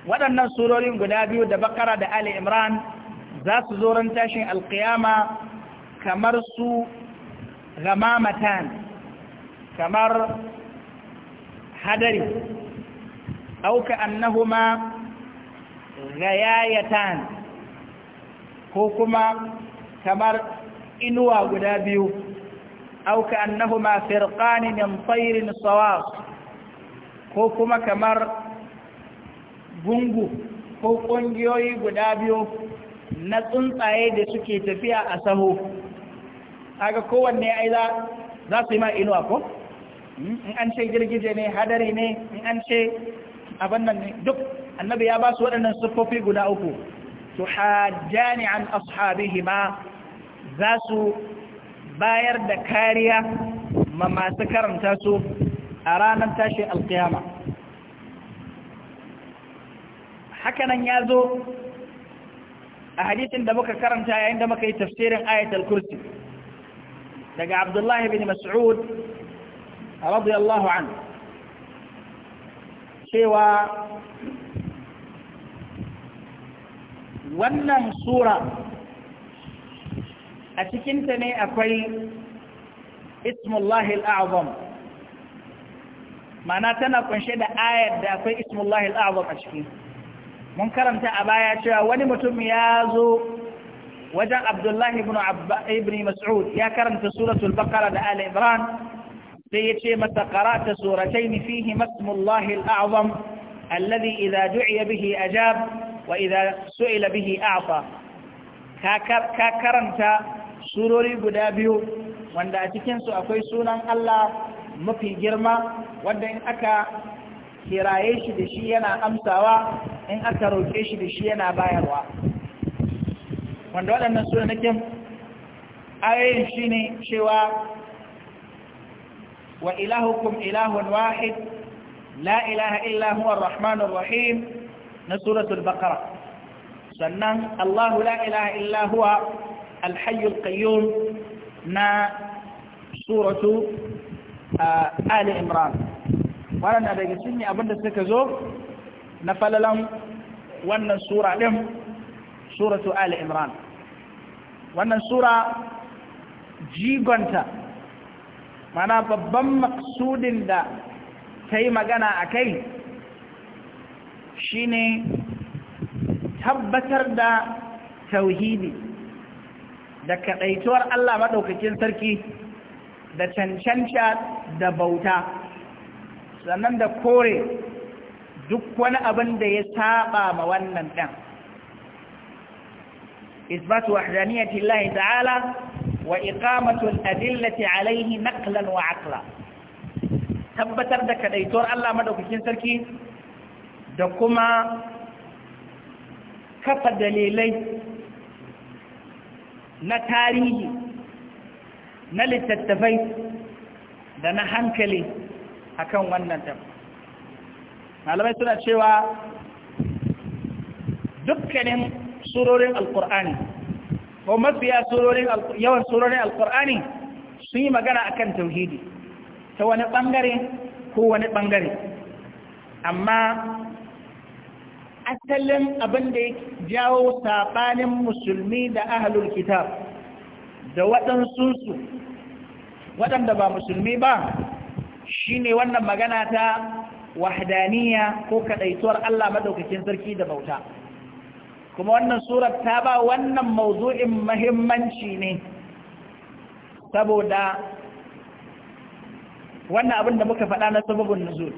ودن سورين قدابيو دا بقرة دا آل عمران ذات زورن تاشي القيامة كمرسو غمامتان كمر حدري أو كأنهما غيايتان ko kuma kamar inuwa guda biyu auka ma firqani min tayrin sawas ko kuma kamar gungu ko ƙungiyoyi guda biyu na tsuntsaye da suke tafiya a saho kaga kowanne ai za su yi ma inuwa ko hmm, in an ce girgije ne hadari ne in an ce abin nan ne duk annabi ya ba su waɗannan siffofi guda uku tuhajjani an ashabihima za su bayar da kariya ma masu karanta su a ranar tashi alkiyama hakanan ya zo a hadisin da muka karanta yayin da muka yi tafsirin ayatul kursi daga abdullahi bin mas'ud radiyallahu anhu cewa wannan sura a cikinta ne akwai ismullahi al'azam mana tana kunshe da ayar da akwai ismullahi al'azam a ciki mun karanta a baya cewa wani mutum ya zo wajen abdullahi ibn mas'ud ya karanta suratul bakara da ali imran sai ya ce masa karata suratai fihi masmullahi al'azam alladhi idza du'iya bihi ajab wa idza su'ila bihi a'fa ka karanta surori guda biyu wanda a cikin su akwai sunan Allah mafi girma wanda in aka kiraye shi da shi yana amsawa in aka roƙe shi da shi yana bayarwa wanda waɗannan sunanakin ayoyin shi ne cewa wa ilahukum ilahun wahid la ilaha illa huwa rahmanur rahim na suratul baqara sannan Allahu la ilaha illa huwa al na suratu ali imran waɗanda daga cikin abinda suka zo na falalan wannan sura din suratu ali imran wannan sura jigonta mana babban maksudin da ta yi magana a kai shine tabbatar da tauhidi da kaɗaituwar Allah maɗaukakin sarki da cancanta da bauta sannan da kore duk wani abin da ya saɓa ma wannan ɗan isbatu wahdaniyati Allah ta'ala wa iqamatu al-adillati alayhi naqlan wa tabbatar da kaɗaituwar Allah maɗaukakin sarki da kuma kafa dalilai na tarihi na littattafai da na hankali akan wannan tafi malamai suna cewa dukkanin surorin alkur'ani ko mafiya yawan surorin alkur'ani sun yi magana akan tauhidi ta wani bangare ko wani ɓangare amma asalin abin da ya jawo saɓanin musulmi da ahalul kitab da waɗansunsu waɗanda ba musulmi ba shi ne wannan magana ta wahdaniya ko kaɗaituwar Allah maɗaukakin sarki da bauta kuma wannan surar ta ba wannan mawzu'in mahimmanci ne saboda wannan abin da muka faɗa na sababin nuzul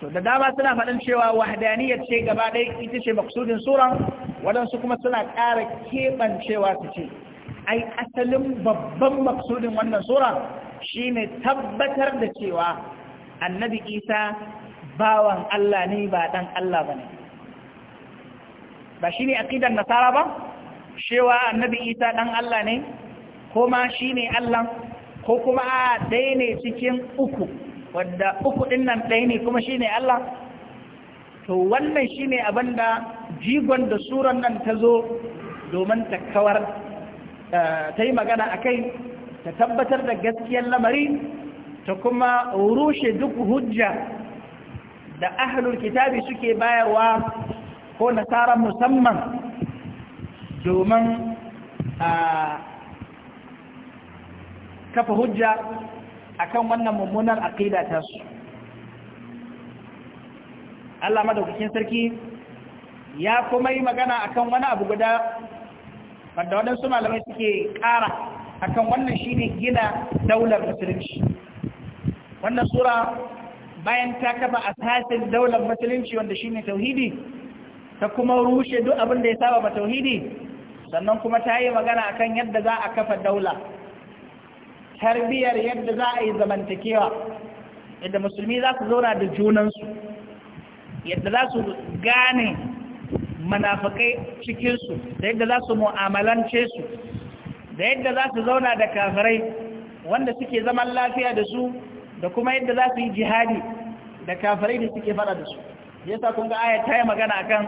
to da dama suna faɗin cewa wahdaniyar ce gaba ɗaya ita ce maksudin suran waɗansu kuma suna ƙara keɓancewa su ce ai asalin babban maksudin wannan shi ne tabbatar da cewa annabi isa bawan Allah ne ba ɗan Allah ba ne ba shi ne aƙidar nasara ba cewa annabi isa ɗan Allah ne ko ma shi ne Allah ko kuma a ɗaya ne cikin uku wadda uku ɗin nan ɗaya ne kuma shi ne Allah to wannan shi ne abin da jigon da suran nan ta zo domin ta kawar ta yi magana a kai ta tabbatar da gaskiyar lamari ta kuma rushe duk hujja da ahlul kitabi suke bayarwa ko nasara musamman domin kafa hujja akan wannan mummunar aqida ta su Allah madaukakin sarki ya kuma yi magana akan wani abu guda wanda waɗansu malamai suke ƙara akan wannan shine gina daular musulunci wannan sura bayan ta kafa asasin daular musulunci wanda shine tauhidi ta kuma rushe duk abin da ya saba ba tauhidi sannan kuma ta yi magana akan yadda za a kafa daula tarbiyar yadda za a yi zamantakewa yadda musulmi za su zauna da junansu yadda za su gane manafakai cikinsu da yadda za su mu'amalance su da yadda za su zauna da kafirai wanda suke zaman lafiya da su da kuma yadda za su yi jihadi da kafirai da suke fara da su yasa kun ga aya ta yi magana akan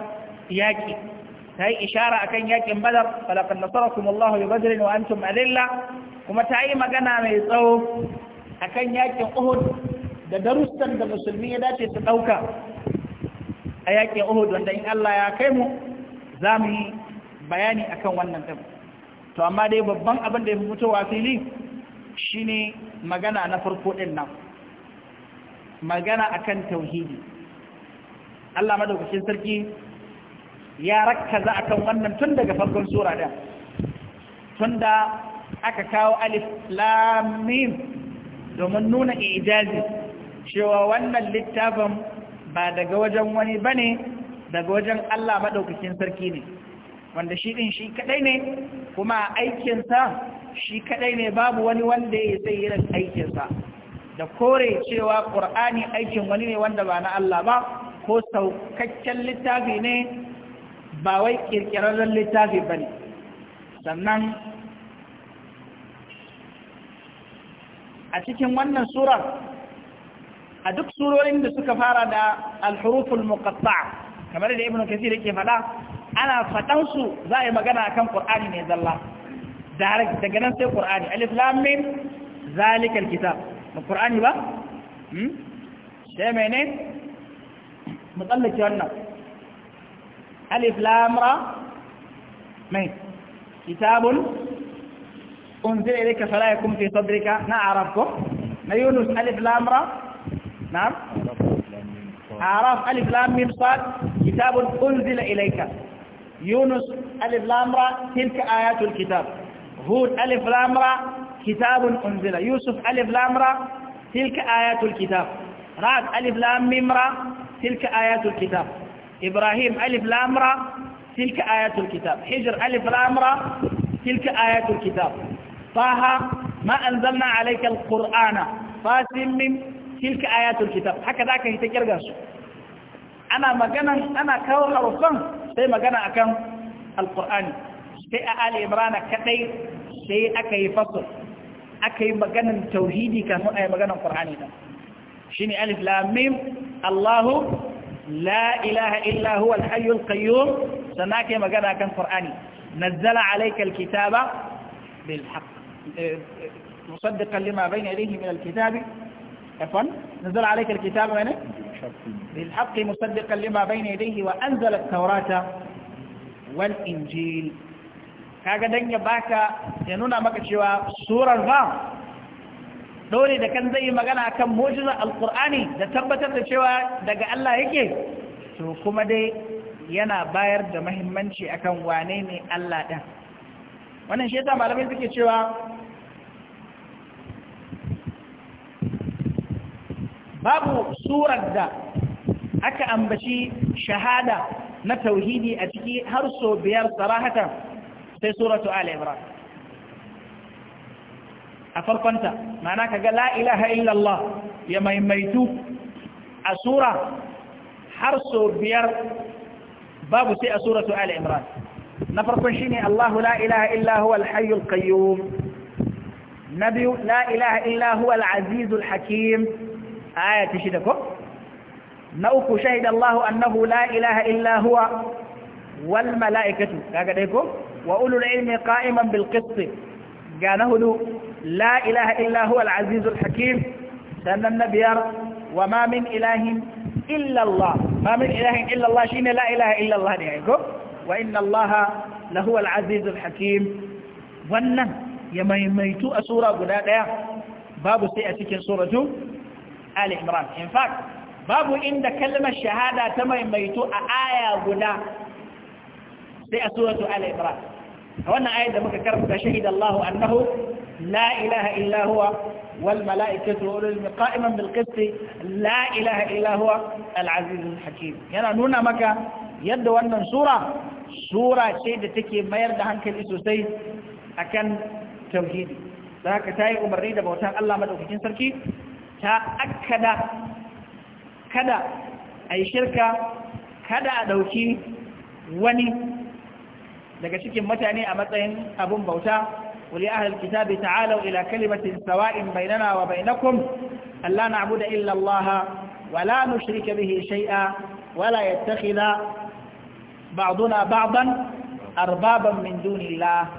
yaƙi ta yi ishara akan yaƙin badar falakan nasarakum Allahu bi badrin adilla kuma ta yi magana mai tsawo a kan yakin Uhud da darustan da musulmi ya dace su ɗauka a yakin Uhud wanda in Allah ya kai mu za mu yi bayani a kan wannan tabi to amma dai babban abin da ya wa fili shi ne magana na farko ɗin nan magana a kan tauhidi Allah madaukakin sarki ya rakkaza kan wannan tun daga farkon sura ɗin tun da aka kawo alif lamim domin nuna ijazi cewa wannan littafin ba daga wajen wani bane daga wajen Allah madaukakin sarki ne wanda shi din shi kadai ne kuma aikinsa shi kadai ne babu wani wanda ya sai irin aikinsa da kore cewa qur'ani aikin wani ne wanda ba na Allah ba ko saukakken littafi ne ba wai kirkirarren littafi bane sannan a cikin wannan surar a duk surorin da suka fara da alhuruful muqatta kamar da ibnu kathir yake faɗa ana faɗan su za a yi magana akan qur'ani ne zalla direct daga nan sai qur'ani alif lam mim zalikal kitab ba qur'ani ba hmm sai mene mu tsallake wannan alif lam ra mai kitabun أنزل إليك فلا يكون في صدرك نعرفكم نعم، يونس ألف لام را نعم أعراف ألف لام ميم صاد كتاب أنزل إليك يونس ألف لام را تلك آيات الكتاب هود ألف لام را كتاب أنزل يوسف ألف لام را تلك آيات الكتاب رعد ألف لام ميم را تلك آيات الكتاب إبراهيم ألف لام را تلك آيات الكتاب حجر ألف لام را تلك آيات الكتاب طه ما أنزلنا عليك القرآن فاسم من تلك آيات الكتاب هكذا كان يتكرر أنا مجانا أنا كور حرفان سي مجانا أكم القرآن سي آل إمران كتير سي أكي فصل أكي مجانا توحيدي كان أي مجانا القرآن شيني ألف لام ميم الله لا إله إلا هو الحي القيوم سناكي مجانا كان قرآني نزل عليك الكتاب بالحق مصدقا لما بين يديه من الكتاب عفوا نزل عليك الكتاب من بالحق مصدقا لما بين يديه وأنزل التوراة والإنجيل kaga dan ya baka ya nuna maka cewa surar ba dole da kan zai magana kan mu'jizar alqur'ani da tabbatar da cewa daga Allah yake to kuma dai yana bayar da muhimmanci akan wane ne Allah din wannan shi yasa malamai suke cewa babu surar da aka ambaci shahada na tauhidi a ciki har so biyar sarahatan sai suratu ala imran a farkonta ma'ana kaga la ilaha illallah ya maimaitu a sura har so biyar babu sai a suratu ala imran na farkon shine Allahu la ilaha illa huwa al-hayyul qayyum nabiyu la ilaha illa huwa al-azizul hakim aya ta shida ko na uku shahida Allah annahu la ilaha illa huwa wal mala'ikatu kaga dai ko wa ulul ilmi qa'iman bil qist ga na hudu la ilaha illa huwa al aziz al hakim sannan na biyar wa ma min ilahin illa Allah ma min ilahin illa Allah shine la ilaha illa Allah ne ko wa inna Allah la huwa al aziz al hakim wannan ya maimaitu a sura guda daya babu sai a cikin suratu Ali Imran in fact babu inda kalmar shahada ta maimaito a aya guda sai a suratu Ali Imran a wannan ayar da muka karanta shahid Allah annahu la ilaha illa huwa wal mala'ikatu wa ulul qa'iman bil qist la ilaha illa huwa al aziz al hakim yana nuna maka yadda wannan sura sura ce da take mayar da hankali sosai akan tauhidi da haka ta yi umarni da bautan Allah madaukakin sarki ta akkada kada a yi shirka kada a ɗauki wani daga cikin mutane a matsayin abun bauta wuli ahal kitabi ta'alau ila kalimatin sawa'in bainana wa bainakum Allah na abu da illallah wa la nushrika bihi shay'a wa la yattakhidha ba'duna ba'dan arbaban min dunillah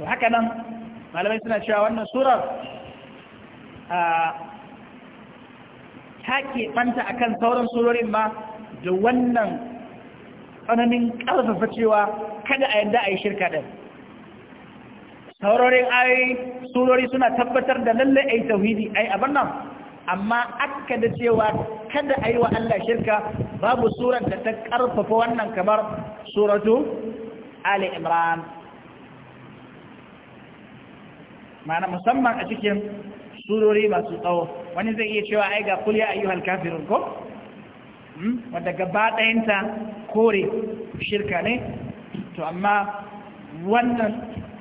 to haka nan malamai suna cewa wannan surar ta keɓanta a kan sauran surorin ba da wannan tsananin ƙarfafa cewa kada a yadda a yi shirka ɗin saurorin ayi surori suna tabbatar da lallai a yi tauhidi a yi abin nan amma aka da cewa kada a yi wa Allah shirka babu surar da ta ƙarfafa wannan kamar suratu Ali Imran ma'ana musamman a cikin surori masu tsawo wani zai iya cewa ai ga kulya ayyuhal kafirun ko hmm? wadda gaba ɗayanta kore shirka ne to amma wannan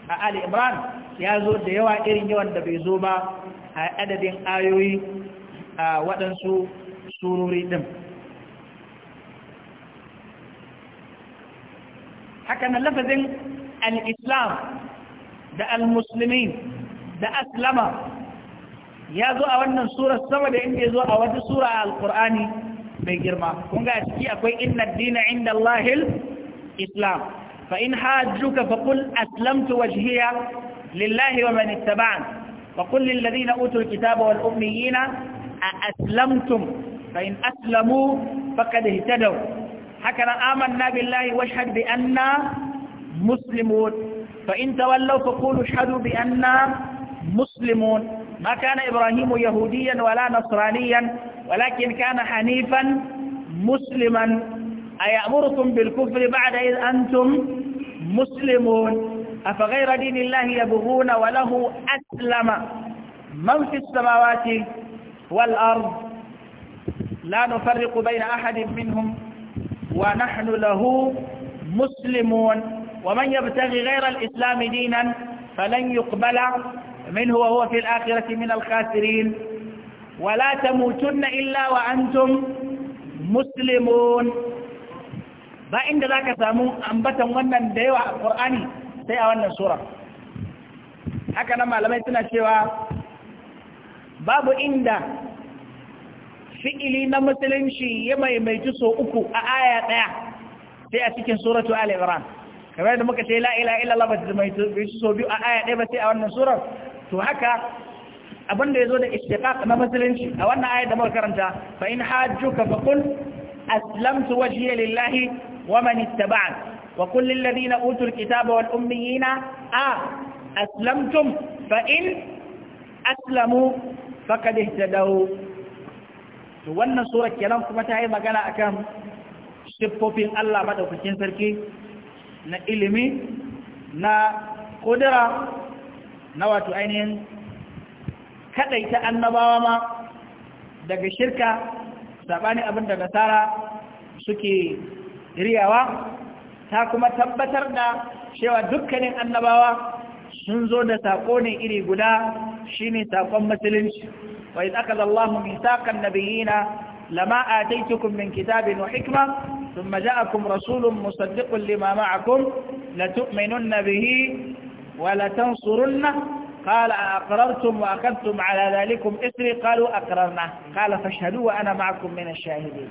a ali imran ya zo da yawa irin yawan da bai zo ba a adadin ayoyi a waɗansu surori ɗin haka na lafazin al-islam da al-musulmi da aslama ya zo a wannan sura sama da inda ya zo a wata sura a alkur'ani mai girma kun ga ciki akwai inna dina inda Allahil islam fa in hajjuka fa qul aslamtu wajhiya lillahi wa man ittaba'an fa qul lil ladina utul kitaba wal ummiyina a aslamtum fa in aslamu faqad ihtadaw haka nan amanna billahi washhad bi anna muslimun fa in tawallaw fa qulu ashhadu bi anna مسلمون ما كان إبراهيم يهوديا ولا نصرانيا ولكن كان حنيفا مسلما أيأمركم بالكفر بعد إذ أنتم مسلمون أفغير دين الله يبغون وله أسلم من في السماوات والأرض لا نفرق بين أحد منهم ونحن له مسلمون ومن يبتغي غير الإسلام دينا فلن يقبل منه وهو في الآخرة من الخاسرين ولا تموتن إلا وأنتم مسلمون ba inda za ka samu ambatan wannan da yawa a ƙor'ani sai a wannan sura haka nan malamai suna cewa babu inda fi'ili na musulunci ya maimaitu so uku a aya ɗaya sai a cikin suratu al-imran kamar da muka ce la'ila ila labar da maimaitu so biyu a aya ɗaya ba sai a wannan surar to haka abinda ya zo da ishtiqaq na musulunci a wannan ayat da muka karanta fa in hajjuka fa qul aslamtu wajhiya lillahi wa man ittaba'an wa qul lil ladina utul kitaba wal ummiyina a aslamtum fa in aslamu faqad ihtadaw to wannan sura kenan kuma ta yi magana akan siffofin Allah madaukakin sarki na ilimi na kudura na wato ainihin kaɗaita annabawa ma daga shirka saɓani abin da nasara suke riyawa ta kuma tabbatar da cewa dukkanin annabawa sun zo da saƙo ne iri guda shine saƙon musulunci wa iz akaza Allahu mithaqan nabiyina lama ataitukum min kitabin wa hikma thumma ja'akum rasulun musaddiqun lima ma'akum la tu'minunna ولتنصرنه قال أقررتم وأخذتم على ذلكم إسري قالوا أقررنا قال فاشهدوا وأنا معكم من الشاهدين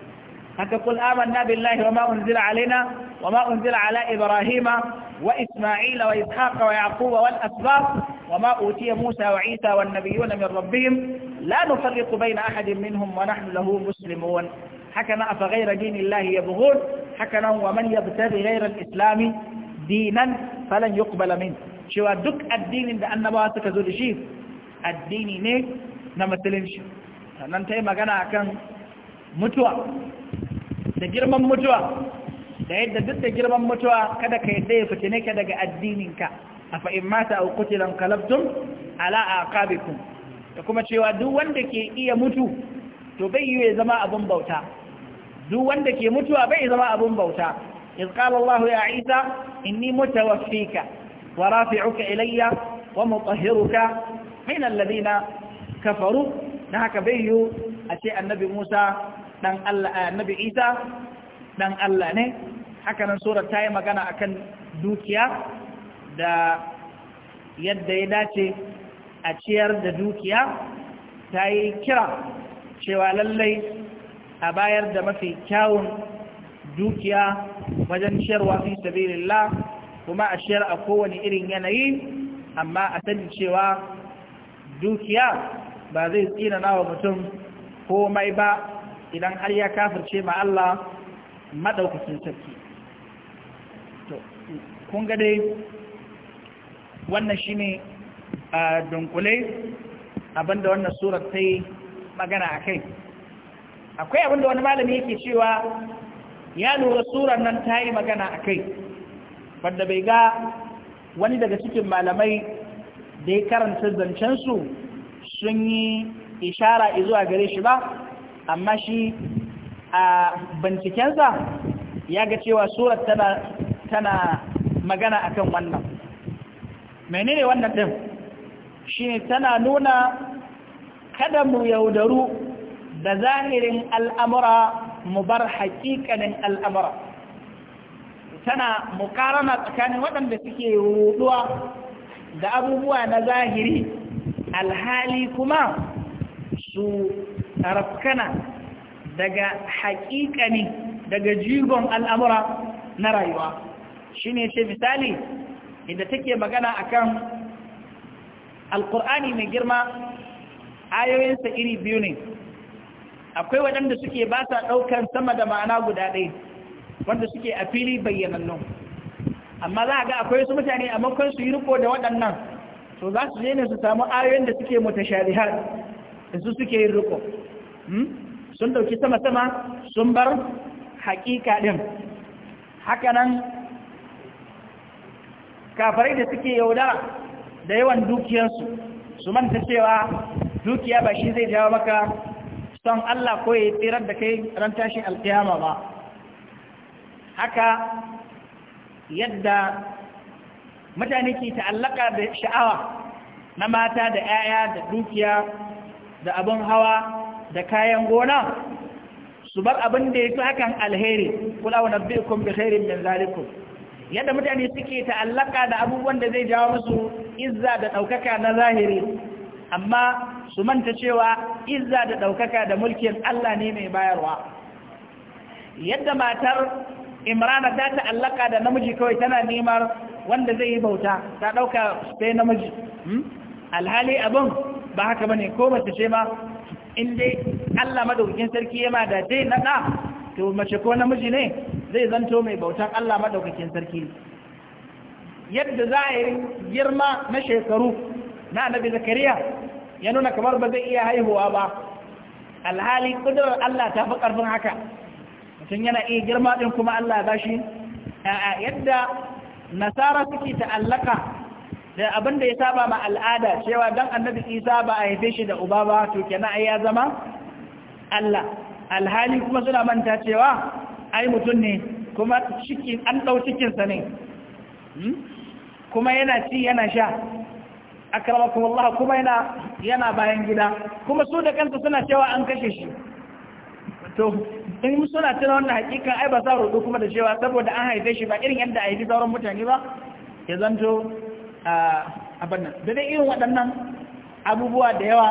فتقول آمنا بالله وما أنزل علينا وما أنزل على إبراهيم وإسماعيل وإسحاق ويعقوب والأسباط وما أوتي موسى وعيسى والنبيون من ربهم لا نفرق بين أحد منهم ونحن له مسلمون حكنا أفغير دين الله يبغون حكنا ومن يبتغي غير الإسلام دينا فلن يقبل منه cewa duk addinin da annabawa suka zo da shi addini ne na musulunci sannan ta yi magana akan mutuwa da girman mutuwa da yadda duk da girman mutuwa kada ka yarda ya fitine ka daga addininka a fa'in mata a kutilan kalabtun ala a kabikun da kuma cewa duk wanda ke iya mutu to bai yi zama abin bauta duk wanda ke mutuwa bai zama abin bauta izkalallahu ya isa inni mutawaffika ورافعك إلي ومطهرك من الذين كفروا نهك بيو أشياء النبي موسى musa الله النبي عيسى دان الله نه haka sura ta yi magana akan dukiya da yadda ya dace a ciyar da dukiya ta yi kira cewa lallai a bayar da mafi kyawun dukiya wajen ciyarwa fi sabilillah kuma a shiyar a kowane irin yanayi amma a sani cewa dukiya ba zai tsina wa mutum komai ba idan har ya kafirce ma Allah maɗaukacin sarki kun ga dai wannan ne a dunkule abinda wannan surar ta yi magana a kai akwai abinda wani malami yake cewa ya lura surar nan ta yi magana a kai wanda bai ga wani daga cikin malamai da ya karanta zancensu sun yi ishara zuwa gare shi ba amma shi a bincikensa ya ga cewa surat tana, tana magana akan wannan menene wannan ɗin shi tana nuna kada mu yaudaru da zahirin al'amura mu bar haƙiƙanin al'amura tana mukarana tsakanin waɗanda suke ruɗuwa da abubuwa na zahiri alhali kuma su rafkana daga haƙiƙani daga jigon al'amura na rayuwa shi ne ce misali inda take magana akan alƙur'ani mai girma ayoyinsa iri biyu ne akwai waɗanda suke ba sa ɗaukan sama da ma'ana guda ɗaya wanda suke a fili bayyanannu amma za a ga akwai su mutane a makon su yi riko da waɗannan to za su ne su samu ayoyin da suke shari'ar da su suke yin riko hmm? sun dauki sama sama sun bar haƙiƙa ɗin. haka kafarai da suke yauda da yawan dukiyarsu su manta cewa dukiya ba shi zai jawo maka son Allah ko ya tsirar da kai ran tashi alkiyama ba haka yadda mutane ke ta'allaka da sha'awa na mata da 'ya'ya da dukiya da abin hawa da kayan gona su bar abin da ya fi hakan alheri kula wa kun bi khairin min zalikum yadda mutane suke ta'allaka da abubuwan da zai jawo musu izza da ɗaukaka na zahiri amma su manta cewa izza da ɗaukaka da mulkin Allah ne mai bayarwa yadda matar imrana ta ta'allaka da namiji kawai tana nemar wanda zai yi bauta ta ɗauka sai namiji hmm? alhali abin ba haka bane ko mace ce ma inda Allah madaukakin sarki yana da dai na ɗa to mace ko namiji ne zai zanto mai bautan Allah maɗaukakin sarki yadda za a yi girma na shekaru na annabi zakariya ya nuna kamar ba zai iya haihuwa ba alhali kudurar Allah ta fi ƙarfin haka mutum yana iya girma ɗin kuma Allah ba shi yadda nasara suke ta'allaka da abin da ya saba ma al'ada cewa don annabi isa ba a haife shi da uba ba to kenan ai ya zama Allah alhali kuma suna manta cewa ai mutum ne kuma an ɗau cikinsa ne hmm? kuma yana ci yana sha akramakum Allah kuma yana yana bayan gida kuma su da kanta suna cewa an kashe shi to in suna tuna wannan hakika ai ba za rudu kuma da cewa saboda an haife shi ba irin yadda a haifi sauran mutane ba ya zanto a bannan da dai irin waɗannan abubuwa da yawa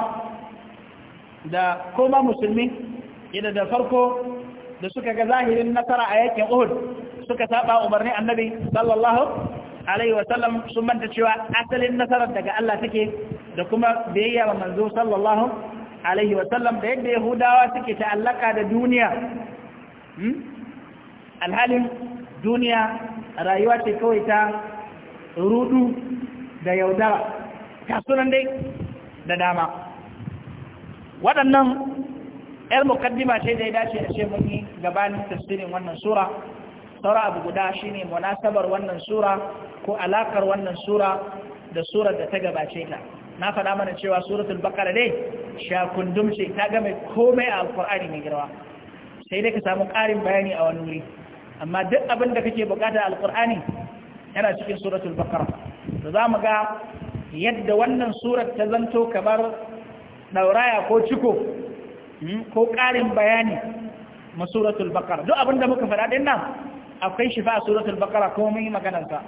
da koma musulmi yadda da farko da suka ga zahirin nasara a yakin uhud suka saba umarni annabi sallallahu alaihi wasallam sun manta cewa asalin nasarar daga Allah take da kuma biyayya wa manzo sallallahu alaihi wasallam da yadda yahudawa suke ta'allaka da duniya hmm? alhalin duniya rayuwa ce kawai ta rudu da yaudara kasunan dai da dama waɗannan ‘yar mukaddima ce da ya dace a ce mun yi gabanin tafsirin wannan sura saura abu guda shine munasabar wannan sura ko alakar wannan sura da surar da ta gabace ta na faɗa mana cewa suratul baqara ne shakundum ce ta ga mai komai a alqur'ani mai girma sai dai ka samu ƙarin bayani a wani wuri amma duk abin da kake bukata a alqur'ani yana cikin suratul baqara to zamu ga yadda wannan surar ta zanto kamar dauraya ko ciko hmm, ko ƙarin bayani ma suratul baqara duk abin da muka faɗa din nan akwai shifa a suratul baqara komai maganarsa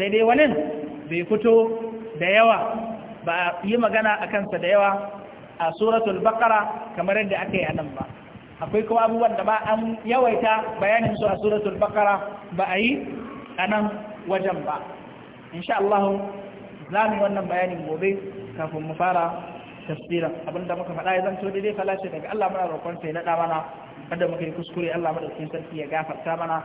sai dai wani bai fito da yawa ba yi magana a kansa da yawa a suratul bakara kamar yadda aka yi a nan ba akwai kuma abubuwan da ba an yawaita bayanin su a suratul baqara ba a yi a nan wajen ba insha Allah za mu wannan bayanin gobe kafin mu fara tafsirin abinda muka faɗa ya zanto daidai falace daga Allah muna roƙon sai na mana wanda muka yi kuskure Allah madaukakin sarki ya gafarta mana